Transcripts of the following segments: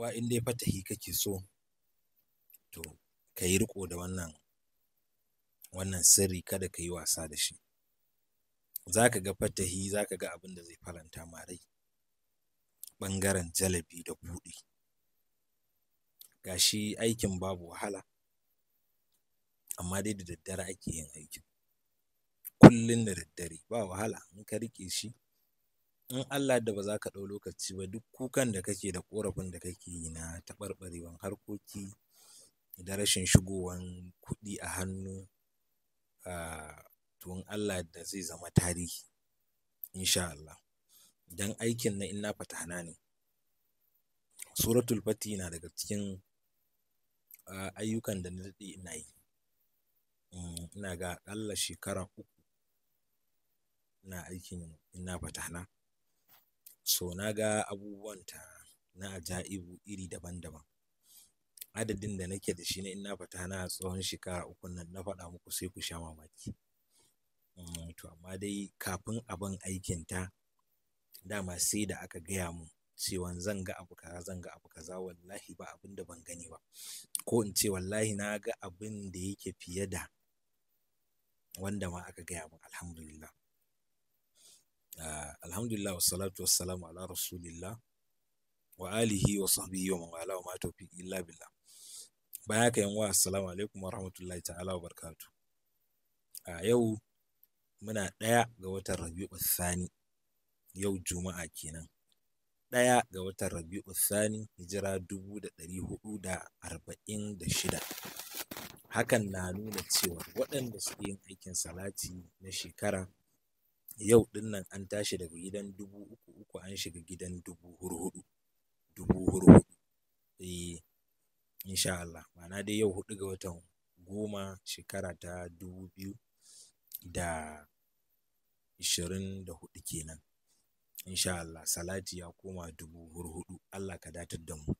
Kowa in dai fatahi kake so to ka yi riko da wannan wannan sirri kada ka yi wasa da shi za ka ga fatahi za ka ga abin da zai faranta ma rai ɓangaren jalabi da buɗi gashi aikin babu wahala amma dai da daddare ake yin aikin kullum da daddare ba wahala in ka riƙe shi in Allah da ba za ka ɗau lokaci ba duk kukan da kake da ƙorafin da kake yi na taɓarɓarewan harkoki da rashin shigowan kuɗi a hannu to in Allah da zai zama tarihi insha Allah dan aikin na fata hana ne suratul fati na daga cikin ayyukan da na daɗe ina yi mm, ina ga aƙalla shekara uku na aikin fata hana. so na ga abubuwanta na ajaibu iri daban-daban adadin da nake da shi na ina fata na tsohon shekara uku nan na faɗa muku sai ku sha mamaki mm, to amma dai kafin abin ta dama sai da aka gaya mu cewa zan ga abu kaza zan ga abu kaza wallahi ba abin da ban gani ba ko in ce wallahi na ga abin da yake fiye da wanda ma aka gaya mu, alhamdulillah alhamdulillah wassalatu wassalamu ala rasulillah wa alihi wa sahbihi wa mawala wa mata fi illa billah bayan ka yan wa assalamu alaikum wa rahmatullahi ta'ala wa barakatuh a yau muna ɗaya ga watan rabi'u thani yau juma'a kenan ɗaya ga watan rabi'u thani hijira dubu da da arba'in da shida hakan na nuna cewa waɗanda suke yin aikin salati na shekara yau ɗin an tashi daga gidan dubu uku uku an shiga gidan dubu huru-huɗu, dubu hurhudu eh insha Allah ma'ana dai yau hudu ga watan goma shekara ta dubu biyu da ishirin da hudu kenan insha Allah salati ya koma dubu huru-huɗu. Allah ka datar da mu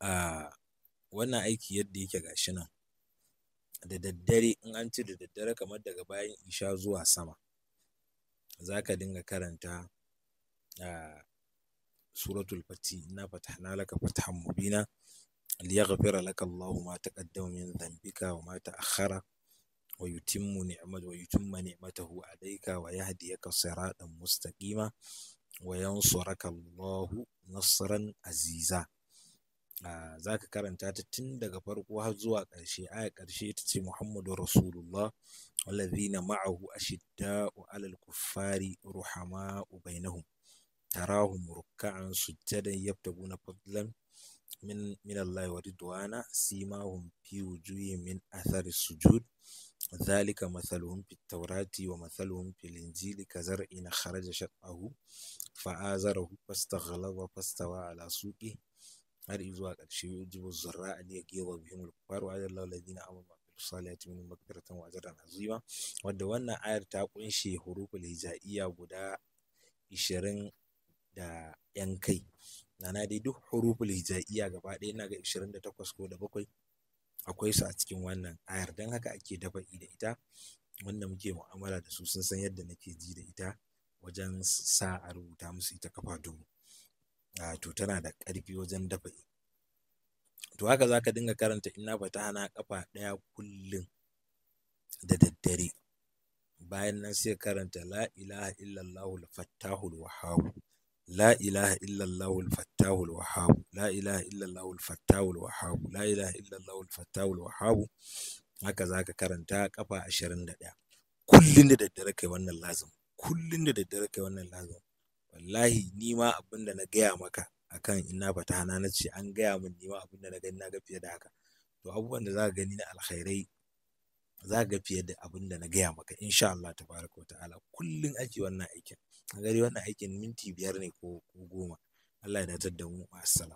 a ah, wannan aiki yadda yake gashi nan da daddare in an ci da daddare kamar daga bayan isha zuwa sama za ka dinga karanta suratul fati na fatahna laka fatahan mubina liyaghfira laka Allahu ma taqaddama min dhanbika wa ma ta'akhkhara wa yutimmu ni'matahu wa yutimma ni'matahu alayka wa yahdiyaka siratan mustaqima wa yansuraka Allahu nasran aziza za ka karanta ta tun daga farko har zuwa ƙarshe aya ƙarshe ta ce muhammadu rasulullah wallazina ma'ahu ashidda'u alal kuffari ruhama'u bainahum tarahum ruk'an sujjadan yabtaguna fadlan min min wa ridwana simahum fi wujuyi min athari sujud ذلك مثلهم في التوراة ومثلهم في الإنجيل كزرع خرج شطأه فآزره فاستغلظ فاستوى ala suke. har zuwa ƙarshe jibu zurra an yaqiwa bihim al-kufar wa ajallahu alladhina amanu wa amilus salihati min maghfiratan wa ajran azima wadda wannan ayar ta kunshe da hijaiya guda 20 da yan kai na dai duk da hijaiya gaba ɗaya na ga 28 ko da bakwai akwai su a cikin wannan ayar don haka ake dafa da ita wanda muke mu'amala da su sun san yadda nake ji da ita wajen sa a rubuta musu ita kafa dubu wato ah, tana da ƙarfi wajen dafa'i to haka za ka dinga karanta inna hana ƙafa ɗaya kullum da daddare bayan nan sai karanta la ilaha illallahu al-fattahul wahhab la ilaha illallahu al-fattahul wahhab la ilaha illallahu al-fattahul wahhab la ilaha illallahu al-fattahul wahhab haka zaka karanta kafa 21 kullun da daddare kai wannan lazim kullun da daddare kai wannan lazim wallahi ni ma abin da na gaya maka akan ina fata hana na ce an gaya min ni ma abin da na gani na ga fiye da haka to abubuwan da za ka gani na alkhairai za ka ga fiye da abin da na gaya maka insha Allah tabaraka wa ta'ala kullun ake wannan aikin a gari wannan aikin minti biyar ne ko goma Allah ya datar da mu assalam